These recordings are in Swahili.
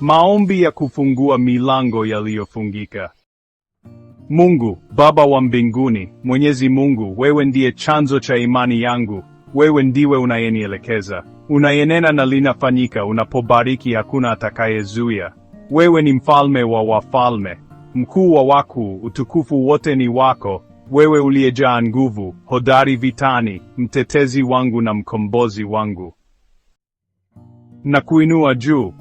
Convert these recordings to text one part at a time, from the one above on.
Maombi ya kufungua milango yaliyofungika. Mungu Baba wa mbinguni, Mwenyezi Mungu, wewe ndiye chanzo cha imani yangu. Wewe ndiwe unayenielekeza, unayenena na linafanyika. Unapobariki hakuna atakayezuia. Wewe ni mfalme wa wafalme, mkuu wa wakuu. Utukufu wote ni wako wewe, uliyejaa nguvu, hodari vitani, mtetezi wangu na mkombozi wangu, na kuinua juu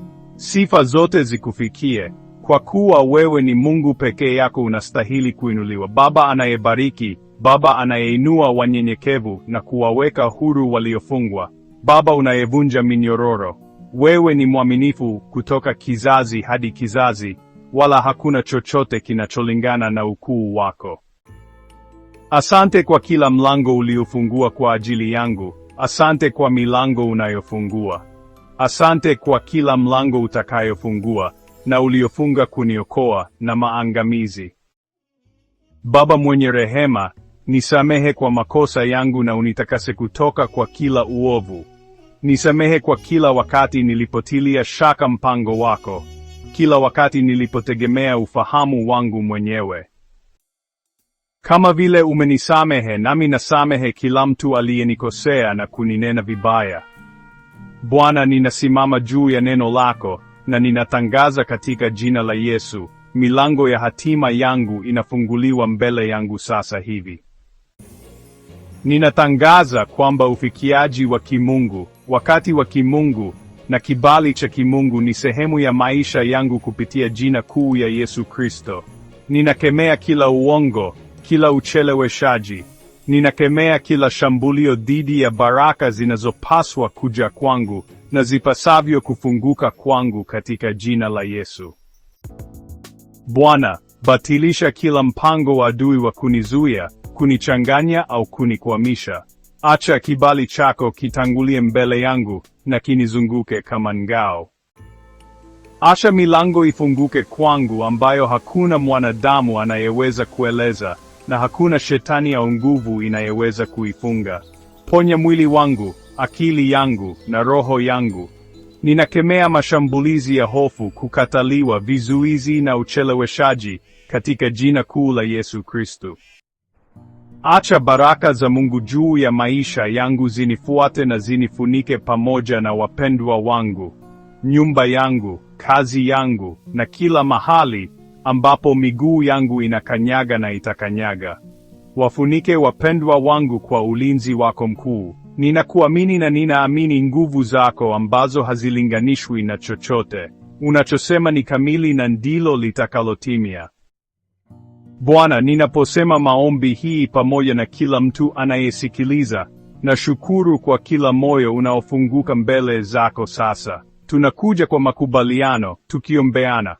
sifa zote zikufikie, kwa kuwa wewe ni Mungu pekee yako unastahili kuinuliwa, Baba anayebariki, Baba anayeinua wanyenyekevu na kuwaweka huru waliofungwa, Baba unayevunja minyororo. Wewe ni mwaminifu kutoka kizazi hadi kizazi, wala hakuna chochote kinacholingana na ukuu wako. Asante kwa kila mlango uliofungua kwa ajili yangu. Asante kwa milango unayofungua. Asante kwa kila mlango utakayofungua na uliofunga kuniokoa na maangamizi. Baba mwenye rehema, nisamehe kwa makosa yangu na unitakase kutoka kwa kila uovu. Nisamehe kwa kila wakati nilipotilia shaka mpango wako, kila wakati nilipotegemea ufahamu wangu mwenyewe. Kama vile umenisamehe, nami nasamehe kila mtu aliyenikosea na kuninena vibaya. Bwana, ninasimama juu ya neno lako na ninatangaza katika jina la Yesu, milango ya hatima yangu inafunguliwa mbele yangu sasa hivi. Ninatangaza kwamba ufikiaji wa kimungu, wakati wa kimungu na kibali cha kimungu ni sehemu ya maisha yangu kupitia jina kuu ya Yesu Kristo. Ninakemea kila uongo, kila ucheleweshaji Ninakemea kila shambulio dhidi ya baraka zinazopaswa kuja kwangu na zipasavyo kufunguka kwangu katika jina la Yesu. Bwana, batilisha kila mpango wa adui wa kunizuia, kunichanganya au kunikwamisha. Acha kibali chako kitangulie mbele yangu na kinizunguke kama ngao. Acha milango ifunguke kwangu ambayo hakuna mwanadamu anayeweza kueleza na hakuna shetani au nguvu inayeweza kuifunga. Ponya mwili wangu, akili yangu na roho yangu. Ninakemea mashambulizi ya hofu, kukataliwa, vizuizi na ucheleweshaji katika jina kuu la Yesu Kristo. Acha baraka za Mungu juu ya maisha yangu zinifuate na zinifunike pamoja na wapendwa wangu, nyumba yangu, kazi yangu na kila mahali ambapo miguu yangu inakanyaga na itakanyaga. Wafunike wapendwa wangu kwa ulinzi wako mkuu. Ninakuamini na ninaamini nguvu zako ambazo hazilinganishwi na chochote. Unachosema ni kamili na ndilo litakalotimia. Bwana, ninaposema maombi hii pamoja na kila mtu anayesikiliza, nashukuru kwa kila moyo unaofunguka mbele zako sasa. Tunakuja kwa makubaliano, tukiombeana.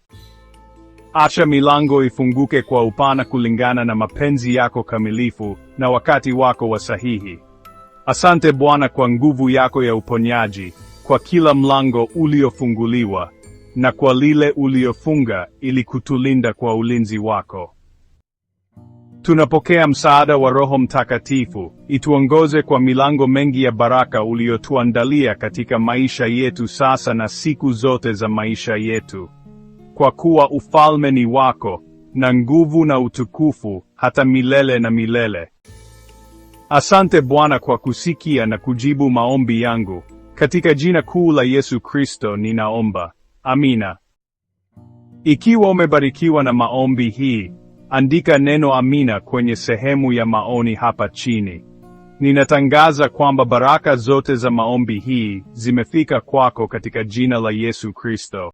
Acha milango ifunguke kwa upana kulingana na mapenzi yako kamilifu na wakati wako wa sahihi. Asante Bwana kwa nguvu yako ya uponyaji, kwa kila mlango uliofunguliwa na kwa lile uliofunga ili kutulinda kwa ulinzi wako. Tunapokea msaada wa Roho Mtakatifu, ituongoze kwa milango mengi ya baraka uliotuandalia katika maisha yetu sasa na siku zote za maisha yetu kwa kuwa ufalme ni wako na nguvu na utukufu hata milele na milele. Asante Bwana kwa kusikia na kujibu maombi yangu. Katika jina kuu la Yesu Kristo ninaomba. Amina. Ikiwa umebarikiwa na maombi hii, andika neno amina kwenye sehemu ya maoni hapa chini. Ninatangaza kwamba baraka zote za maombi hii zimefika kwako katika jina la Yesu Kristo.